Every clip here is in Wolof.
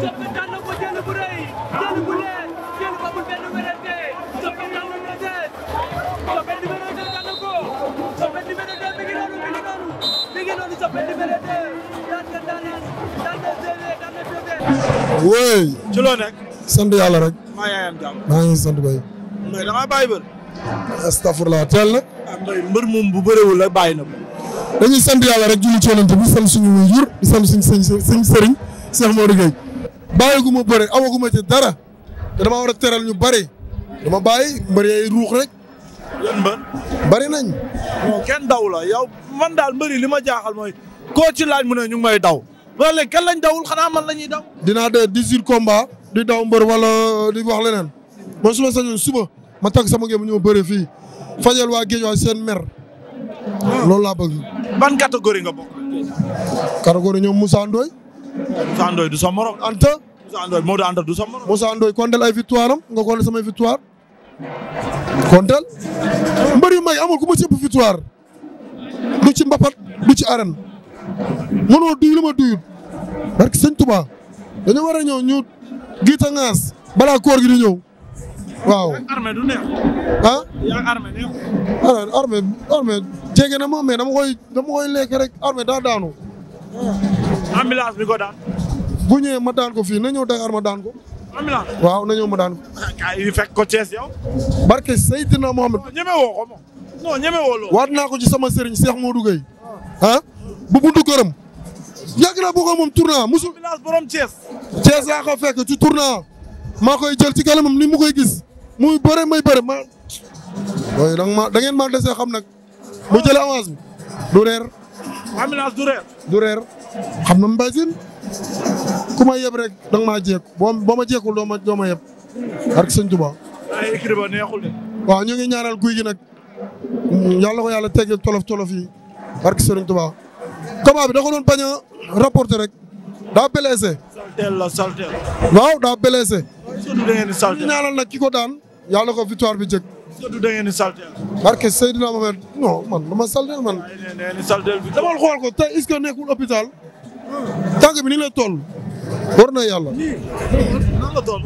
Sokh daan na ko jël bu rëy jël bu leer jël ko bu benn wérante Sokh daan na numéro 2 Sokh numéro 2 daan na ko Sokh numéro 2 mi ngi noonu mi ngi noonu mi ngi noonu Sokh numéro 2 daan na dalis daan na séeréer daan na séeréer. wéy. ci loo nekk. sant yàlla rek. maa yaayam jàmm. maa ngi sant bay. mais da ngaa bàyyi bër. astafurlah teel na. mbay ah, mbër moom bu bëreewul la bàyyi na ko. dañuy sant yàlla rek julli ci yonent bi sant suñu wajur di sant suñu sëñ sëñ sëriñ Cheikh Modou Gueye bàyyi gu ma bëre awaguma ci dara dama war a teral ñu bëri dama bàyyi mbër yay ruux rek. yan mbër. nañ. kenn daw la yow man daal mbëri li ma jaaxal mooy ko ci laaj mu ne ñu may daw wala léegi kenn lañ dawul xanaa man la ñuy daw. dinaa de dix-huit komba di daw mbër wala di wax leneen man su ma suba ma tag sama ngeen ñu ma bëre fii fajal waa géej waa seen mer. Ah. loolu laa bëgg. ban catégorie nga bokk. catégorie ñoom Moussa Ndoye. Moussa Ndoye du sa morom Moussa Ndoye moo daan ay victoire nga kontel samay victoire kontel mbër yu mag amul ku ma ci ëpp victoire du ci mbapat du ci arène mënoo duy lu ma duyul barke sëñ Touba dañu war a ñu giita ngaas balaa koor gi di ñëw waaw. armée du neex. Ah? jege na ma mais dama koy dama koy lekk daanu. bu ñëwee ma daan ko fii na ñëw Dakar ma daan ko. waaw na ñëw ma daan ko. ah yi fekk ko Thiès yow. barke Seydina Mohamed. waat naa ko ci sama sëriñ seex moo Gueye. ah bu buntu këram. yàgg naa bu ko moom tournant musul. village borom Thiès. Thiès laa ko fekk ci tournant. maa koy jël ci kanamam ni mu koy gis. muy bëre may bëre ma. ooy ma da ngeen dese xam nag. mu jël avance bi. du reer. xam na Mbaye ku ma yeb rek danga maa jékku boo boo ma jékkul doo ma doo ma yeb ak sëñ Tuba. waaw ñu ngi ñaanal guy gi nag yàlla ko yàlla teggil tolof tolof yi barke Serigne Touba combat bi da ko doon bañ a rek daa blessé. la saltel. waaw daa blessé. surtout da ngeen di ñaanal nag ki ko daan yàlla ko victoire bi jëkk. surtout da ngeen di saltel. barke Seydina Mohamed non man dama saltel man. dama xool ko tey est-ce que nekkul hôpital. tànk bi ni lay toll. war na yàlla. nii nan la toll.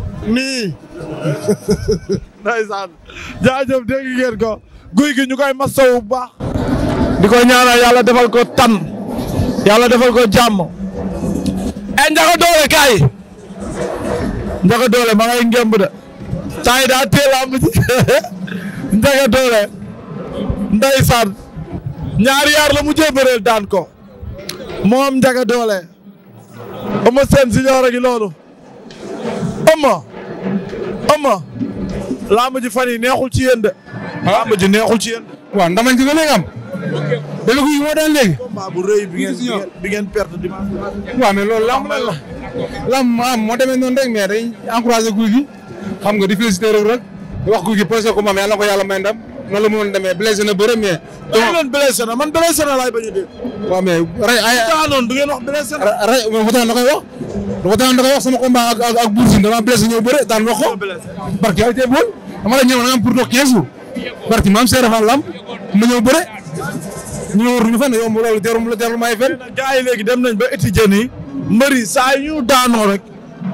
bu baax. ko ñaanal yàlla defal ko tan yàlla ko jàmm. e njaga doole kaay. yaar la mu jëbëreel daan ko. moom njaga doole. Eumeu Sène Junior a ngi loolu Eumeu Eumeu lamb ji fan yi neexul ci yéen de lamb ji neexul ci yéen waan ndamañ gi nga léegi am dama ko moo daan léegi combat bu rëy bi ngeen bi ngeen perte dimanche waaw mais loolu lamb la lamb moo demee noonu rek mais day xam nga di félicité rek rek wax guy gi projet ko moom yàlla ko yàlla may noonu la mënoon demee blessé na bëre mais. waaye loolu blessé na man blessé na laay a dégg. daanoon du wax blessé na. ray ma fa tax na koy wax. dafa tax na koy wax sama combat ak ak ak Bour Sine dama blessé ñëw bëre daan wax ko. barki ay tey bool dama la ñëw na nga am pour doog 15 jours. barki maam Seydou ma ñëw bëre. ñu la teerum may fen. gars rek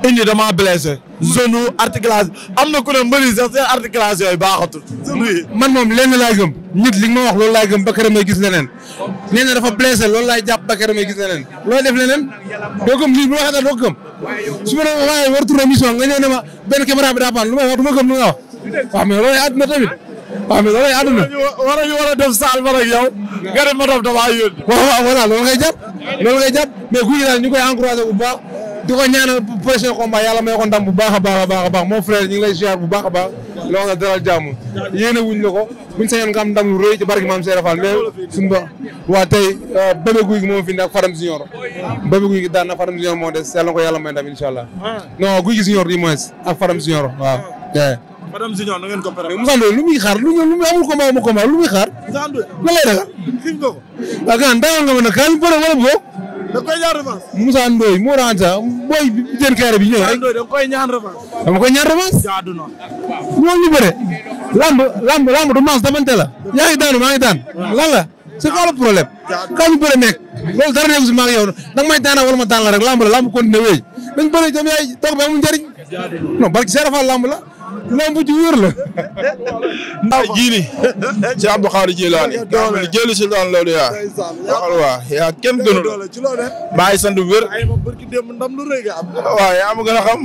indi damaa blessé. zone nu articulation am ku ne mbëri sax seen articulation man moom lenn laay gëm. nit li nga ma wax loolu laay gëm ba keroog may gis leneen. nee na dafa blessé loolu laay jàpp ba keroog may gis leneen. looy def leneen. doo gëm lii bu ma waxee doo a su ma demee waaye waratuñu émission nga ñëw ne ma benn caméra bi daa paan lu ma wax du ma gëm lu nga wax. waaw mais loolu àdduna tamit. waaw mais loolu àdduna. war nañu war a def saal man ak yow. ma daf damaa yónni. waaw waaw voilà loolu ngay jàpp. di ko ñaanal prochain combat yàlla may ko ndam bu baax a baax a a baax mon frère ñu ngi lay ziar bu baax a baax loo nga dalal jàmm yéene wuñ la ko buñ ndam lu rëy ci barke maam Serap Fall mais suñu ba waa tey guy gi moom fi ak Faram Junior bébé guy gi daan na Faram Junior moo des yàlla ko yàlla may ndam incha allah ah. non guy gi Junior du ak Faram Junior waaw. Ah. Eh. Faram Junior na ngeen ko pare. mais Moussa Ndoye lu muy xaar lu ñu lu muy amul combat amul combat lu muy xaar. Moussa Ndoye lan lay ragal. xëy na ko. ah gannaaw nga mën a kaay ñu bëre wala da koy ñaan revanche. Moussa Ndoye moo daan sax ah, booy jën xeer bi ñëw rek. da koy ñaan revanche. dama koy ñaan revanche. jaadu na moo ñu bëre. lamb lamb lamb du la. maa ngi daan. lan la c'est quoi le problème. kaw ñu bëre nekk. loolu dara nekk si maa ngi yow nag may daana ma daan la rek lamb la lamb continué wéy. dañ bëre itam yaay toog ba mu barki seera fa lamb la. lamb ji wér la. ndax jiili. ci Abdou Khadre Jilaani. doole jëli si daan loolu yaa. waxal waa yaa kenn gënul. bàyyi sant bu wér. waaw yaa ma gën a xam.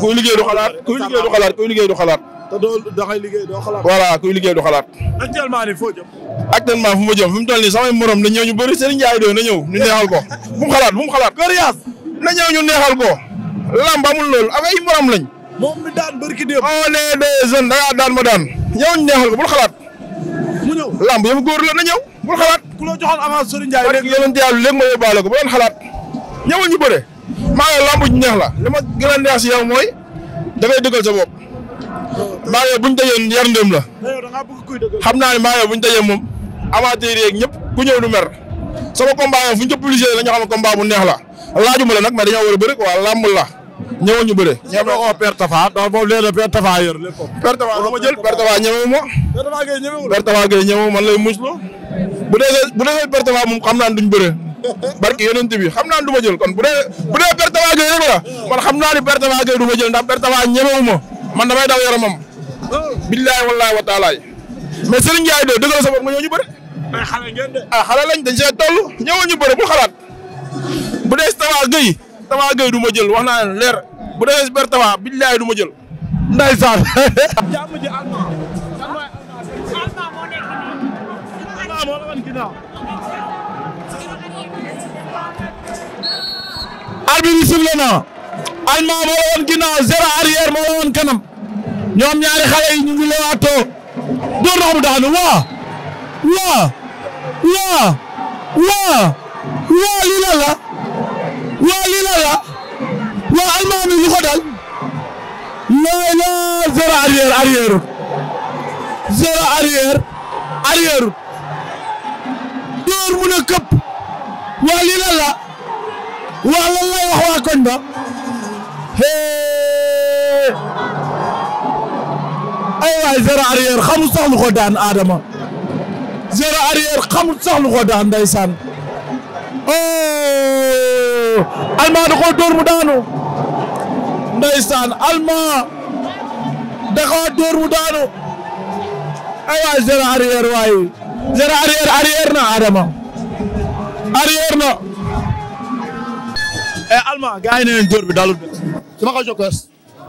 kuy liggéey du xalaat kuy liggéey du xalaat kuy liggéey du xalaat. te doo dangay liggéey doo xalaat. voilà kuy liggéey du xalaat. actuellement nii foo jëm. actuellement fu ma jëm fu mu toll nii samay morom na ñëw ñu bëri Serigne Ndiaye doon na ñëw ñu neexal ko. bu mu xalaat bu mu xalaat. Kër Yaas. na ñëw ñu neexal ko. lamb amul loolu ak ay morom lañ moom mi daan barki démb. on est des daan ma daan. yow neexal ko bul xalaat. mu ñëw lamb yëfu góor la na ñëw. bul xalaat ku la joxoon avance Serigne Ndiaye. léegi yéen a ngi yàlla léegi ma yóbbaale ko bu doon xalaat. ñëwal ñu bëre. maa ngi lamb ñu neex la li ma gën si yow mooy da ngay dëggal sa bopp. maa ngi bu ñu dajee yar ndëm la. xam naa ne maa ngi bu ñu dajee moom. amateur yeeg ñëpp ku ñëw du mer. sama combat yow fu ñu ca publicité la ñu xam ne bu neex la laajuma la nag mais dañoo war a bëri quoi la ñëwoon ñu bëre. ñeme oo Père Tafa donc ah, boobu léegi Père Tafa yor lépp. Père Tafa lu ma ma. Père Tafa Gueye ñemewu ma. Père muslu. bu dee bu dee Père Tafa moom xam naa duñ bëre. barki yonent xam naa ma jël kon bu dee bu dee man xam naa ni Père du ma jël ndax Père Tafa ñemewu ma man damay daw yaramam. billahi wallahi wa taala mais Serigne Ndiaye de dëgg la sa nga ñëw bëre. ay xale ngeen de. ah xale bëre bu xalaat bu dee Tafa Gueye Tapha Gueye du ma jël wax naa leen leer bu demee kanam. ñoom ñaari xale yi ñu door na ko daanu waa. waa. waa. lii la waa lii. non almaami lu ko dal looy loo zéro arrière arrière zéro arrière arrière door mu ne këpp waa lii lan la waa lan lay wax waa koñ ba hee ay waay zéro arrière xamul sax lu ko daan Adama zéro arrière xamul sax lu ko daan ndeysaan oh almaami da koo door mu daanu ndeysaan Allemand da koo dóor mu daanu ay waay zéro arrière waay zéro arrière arrière na Adama arrière na e Allemand gars yi ne leen dóor bi dalul dama ko jokkaas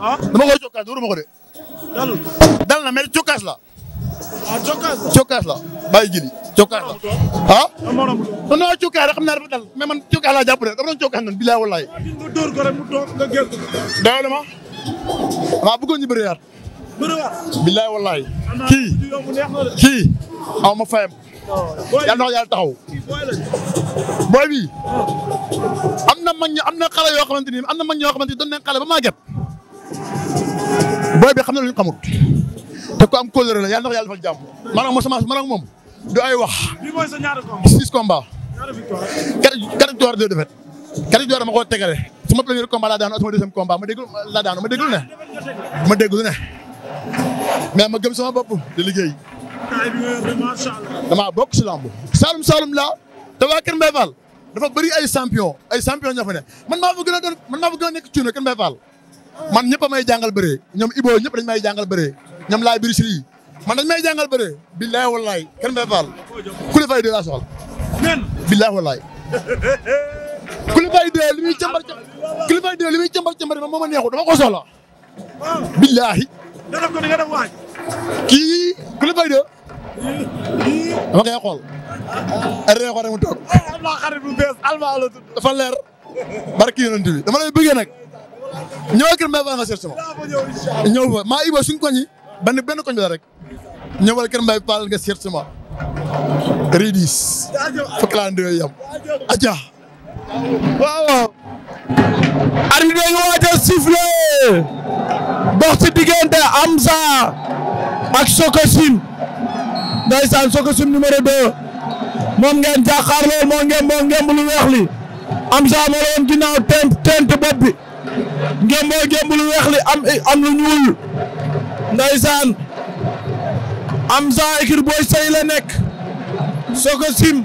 ah? dama ko jokkaas dóoruma ko de dalul dal na mais jokkaas la cokkaas la bàyyi jili cokkaas la ah non non cokkaas xam naa dafa man cokkaas laa jàpp ne dama doon cokkaas noonu bilaay wallaay dóor ma maa bëggoon ñu bëri yaat bilaay wallaay kii kii aw ma fayam yàlla na ko taxaw booy bi am na mag ñi am na xale yoo xamante ni am na mag yoo xamante ni doon nañ xale ba maa gëpp booy bi xam na lu ñu xamut te ku am kóllëre la yàlla na ko yàlla defal jàmm. maanaam ma semence maanaam moom du ay wax. lii mooy sa ñaari combats six combats. ñaari victoire ma victoire deux défaites quatre victoire dama premier combat laa daanu ak sama deuxième combat ma déglu laa daanu ma déglu ne. ma déglu ne mais ma gëm sama bopp liggéey. damaa bokk si lamb. Saalum Saalum la te waa Kër Mbaye dafa bëri ay champion ay champion ñoo fa ne man maa fa gën a doon man maa nekk cuune Kër Mbaye Fall man ñëpp may jàngal bëree ñoom Ibo ñëpp dañ may jàngal bëree. ñoom la biri si man dañ may jàngal bëre billahi wallahi kenn may faal Koulibaly de laa soxla men billahi li muy cëmbar Koulibaly li muy cëmbar cëmbar man moo neexu dama ko soxla billahi kii Koulibaly de dama koy xool arrêté ah, ah. ko rek mu toog eh, alma xarit bu bees alma la tudd dafa leer barki yonent bi dama nag ñëw maa iba suñ benn benn koñ la rek ñëwal kër Mbaye Fall nga seet si ma. laa ndoye yam aja waaw waaw. arbitre nga waaj a sifflé dox ci diggante Amza ak Sokocim ndeysaan Sokocim numéro moom ngeen jàkkaarloo moo ngeen moo lu weex li Amza moo la tent tent bopp lu weex am lu ñuul. Ndeysaan Amza écurie Boy say la nekk Soko Sim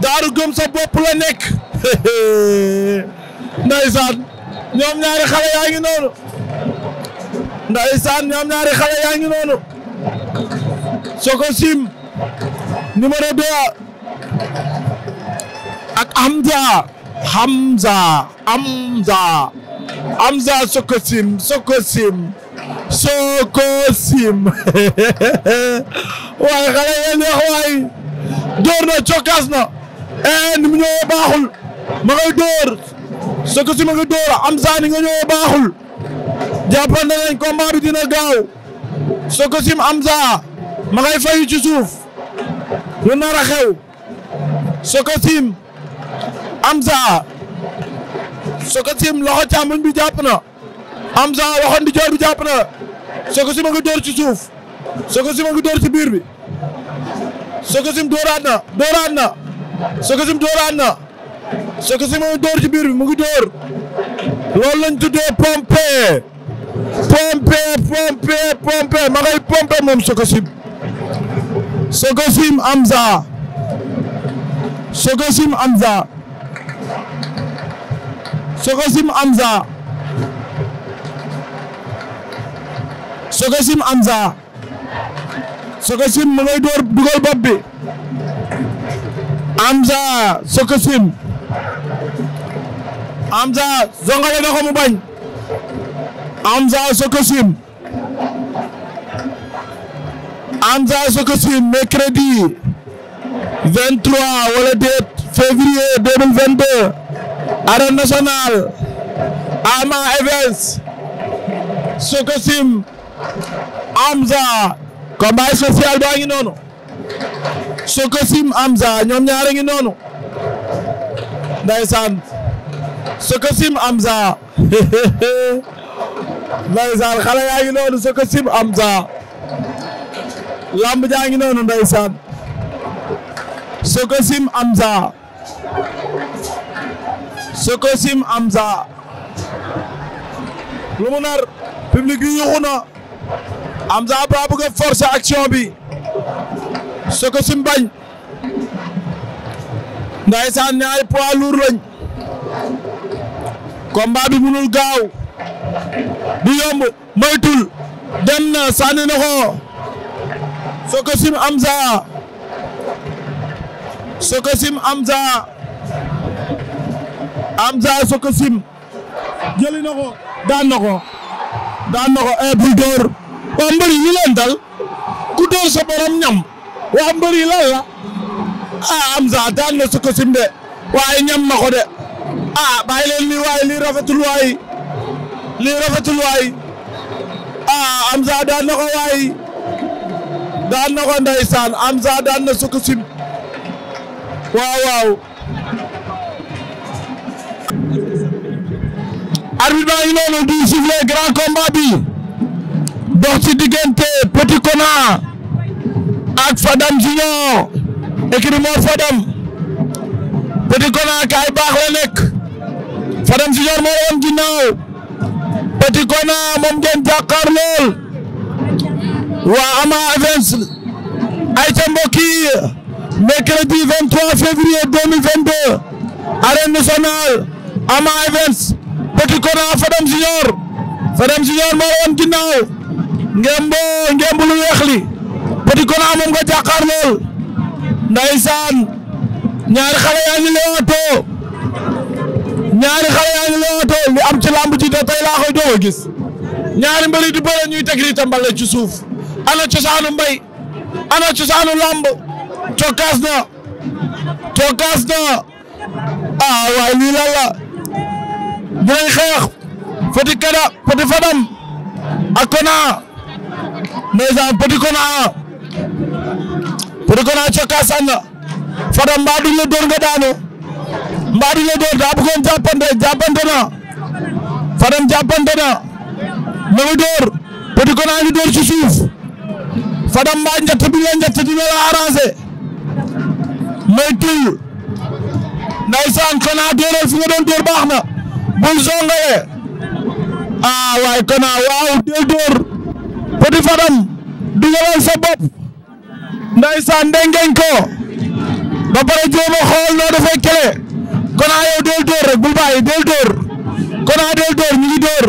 Daaru Gëm sa bopp la nekk Ndeysaan ñoom ñaari xale yaa ngi noonu Ndeysaan ñoom ñaari xale yaa ngi noonu Soko Sim numéro 2 ak Amza Hamza Hamza Hamza Sokosim Sokosim Sokosim waaye xale yéen wax door na cokkaas na e ni mu ñëwee baaxul ma ngay door Sokosim ma ngay door Hamza ni nga ñëwee baaxul jàppante nañ combat bi dina gaaw Sokosim Hamza ma ngay fayu ci suuf lu nar a xew Sokosim Amza Sococim loxo càmmoñ bi jàpp na Amza loxo ndijoor bi jàpp na Sococim a ngi dóor ci suuf Sococim a ngi dóor ci biir bi Sococim dóoraat na dóoraat na Sococim dóoraat na Sococim a ngi dóor ci biir bi mu ngi dóor loolu lañ tuddee pompe pompe pompe pompe ma ngay pompe moom Sococim Sococim Amza Sococim Amza soko sim Amza soko sim Amza soko sim ma ngay door dugal bopp bi Amza soko sim Amza zongale na ko mu bañ Amza soko sim Amza soko sim mercredi 23 wala arène nationale Ama Events Sococim Amza combat spécial baa ngi noonu Sococim Amza ñoom ñaar a ngi noonu ndeysaan Sococim Amza ndeysaan xale yaa ngi noonu Sococim Amza lamb jaa ngi noonu ndeysaan Sococim Amza Sococim Amza lu mu nar public bi yuxu na action bi Sococim bañ ndaysaan ñaari poids lourd lañ combat bi munul gaaw du yomb moytul dem na sànni na ko Sococim Amza Sococim Amza Amza Soko Sim jëli na daan na ko daan na ko e bul dóor waa mbër yi leen dal ku dóor sa ñam waa mbër yi lan la ah Amza daan na Soko Sim de waaye ñam na ko de ah bàyyi leen lii waay lii rafetul waay lii rafetul waay ah Amza daan na ko waay daan na ko ndeysaan Amza daan na Soko Sim waaw waaw arbitre baa ngi noonu di siffler grand combat bi dox ci diggante Petit ak Fadam Junior écurie Mor Fadam Petit Kona kaay baax la nekk Fadam Junior moo woon ginnaaw Petit Kona moom ngeen jàkkaar lool waa Ama Events ay ca mbokk yi mercredi 23 février 2022 arène nationale Ama Events Petit Kona Fadam Junior Fadam Junior moo woon ginnaaw ngembo ngemb lu weex li Petit Kona moom nga ñaari xale yaa ngi lewaatoo ñaari xale yaa ngi lewaatoo am ci làmb ji te tey laa koy gis ñaari mbëri di bëre ñuy teg riita suuf ana cosaanu mbay ana cosaanu làmb cokkaas na cokkaas na ah, lii lan dinañ xeex Petit Kada Petit Fadam ak Kona ndeysaan Petit Kona Petit Kona cokkaasanga Fadam mbaa duñ la door nga daanu mbaa duñ la door daa bëggoon jàppante jàppante na Fadam jàppante na ma ngi door Petit Kona a ngi door ci suuf Fadam mbaa njëtt bi nga njëtt dina la arrangé may tull ndeysaan Kona dooral fi nga doon door baax na bul songale ah waay kana waaw del dóor Petit Fadam dugalal sa bopp ndeysaan ko ba pare jéem a xool noo defee kele kana yow del dóor rek bul bàyyi del dóor kana del dóor ñu ngi dóor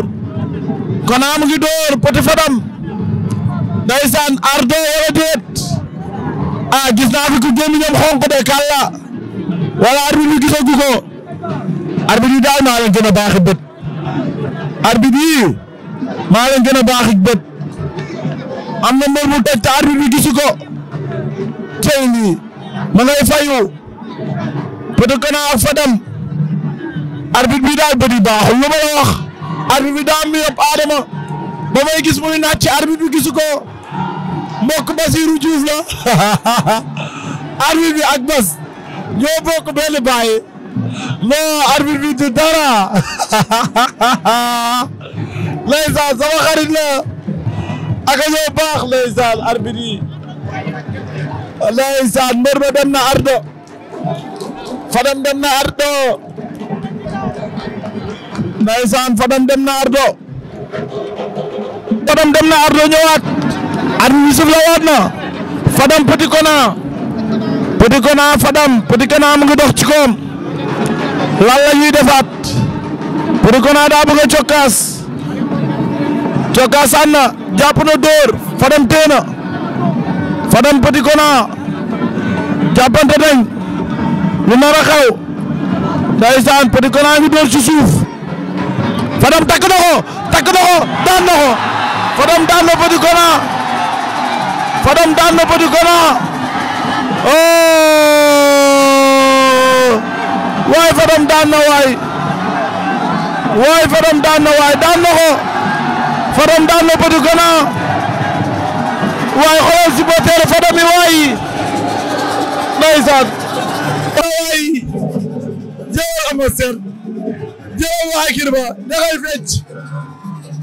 kana mu ngi dóor Petit Fadam ndeysaan ardo wala déet ah gis naa fi ku génn ñoom xonq de kàlla wala arbi mi gisagu ko arbitre yi daal maa leen gën a baaxi bët arbitre yi maa leen gën a baaxi am na mbër mu toj te arbitre bi gisu ko tey lii ma ngay fayu Petit Kana ak Fadam arbitre bi daal bët yi baaxul lu la wax arbitre bi daa am lu yëpp ba may gis muy naaj ci arbitre bi gisu ko mbokk Basirou Diouf la arbitre bi ak Bas ñoo bokk benn non arbitre bi du dara ndeysaan sama xarit la ak ñoo baax ndeysaan arbitre yi ndeysaan mbër ba dem na ardo Fadam dem na ardo ndeysaan Fadam dem na ardo Fadam dem na ardo ñëwaat arbitre bi la waat na Fadam Petit Kona Petit Kona Fadam Petit Kona mu ngi dox ci koom lan la ñuy defaat Poulicounda daa bëgg a cokkaas cokkaas ànd na jàpp na dóor Fadam téye na Fadam Poulicounda jàppante nañ lu nar a xew ndeysaan Poulicounda ngi dóor ci Fadam takk na ko takk na ko Fadam daan na Poulicounda Fadam daan waay Fadam daan na waay waay Fadam daan na waay daan na ko Fadam daan na Petit Gana waay xoolal supporter Fadam yi waay ndeysaan waay jëwal ama ser jëwal waay kirba dangay fecc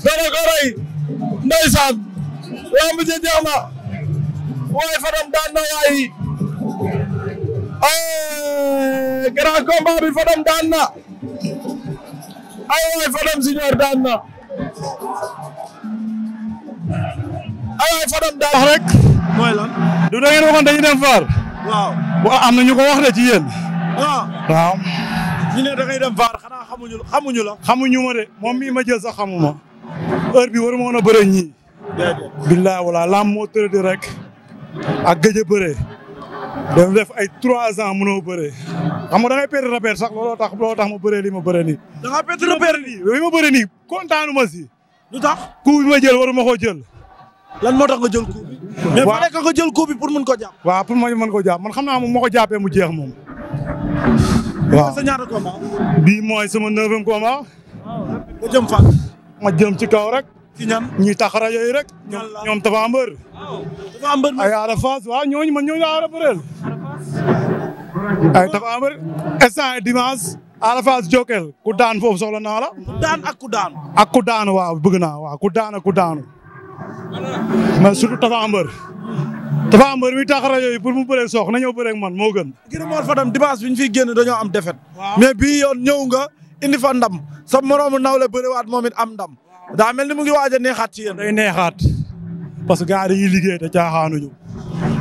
dana ko rey ndeysaan lamb ja jeex na waay Fadam daan na waay grand combat bi Fadam daan na ay waay Fadam senior daan na ay waay Fadam daan wax rek du da ngeen waxoon dañuy dem faar waaw waaw am na ñu ko wax de ci waaw ñu ne da ngay faar xanaa xamuñu xamuñu ma de moom mii ma sax xamuma heure bi waru ma woon a bëre ñii billaay wala lam moo tërëdi rek ak gëj a bëre doon def ay trois ans mënoo bëree xam nga da ngay perdre repère sax looloo tax looloo tax ma bëree li ma bëree ni da ngaa perdre repère nii li ma bëree nii kontaanu ma si. lu tax coup bi ma jël waruma koo jël. lan moo tax nga jël coup bi. mais fallait que nga jël coup bi pour mën koo jàpp. waaw pour ma mën koo jàpp man xam naa moom ma ko jàppee mu jeex moom. waaw sa ñaata combat. bii mooy sama neuvième combat. nga jëm fan. ma jëm ci kaw rek. ci ñan ñuy tax rajo rek. ñoom Tapha Mbeur. Tapha Mbeur ay Ada Fass waaw ñooñu man ñooñu laa ay Tapha instant dimanche. Ada Fass Jokal ku daan foofu soxla naa la. ku daan ak ku daan. ak waaw bëgg naa waaw ku daan ku daanu. mais surtout Tapha Mbeur. Tapha Mbeur mi tax rajo yi mu bëree sox na ñëw bëree man moo gën. gën moo fa dem ñu fiy génn dañoo am defet mais bii yoon ñëw nga indi fa ndam sa moroomu nawle bëriwaat moom it am ndam. daa mel ni mu ngi waaj a neexaat ci neexaat parce que gars dañuy liggéey te caaxaanuñu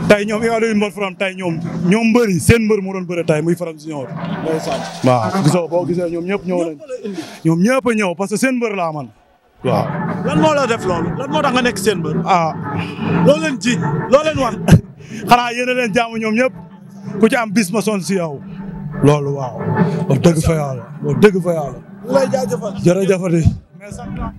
tey ñoom yooyu mbër faram tey ñoom ñoom mbëri seen mbër mu doon bëre tey muy faram si ñëw. waaw gisoo boo gisee ñoom ñëpp ñëw nañ ñëpp ñëw parce que seen mbër laa man waaw. lan moo la def loolu lan moo tax nga nekk seen mbër. ah loo leen ji loo leen wax. xanaa yéen a ñoom ñëpp ku ci am bis ma son si yow. loolu waaw wax dëgg fa yàlla wax dëgg fa yàlla.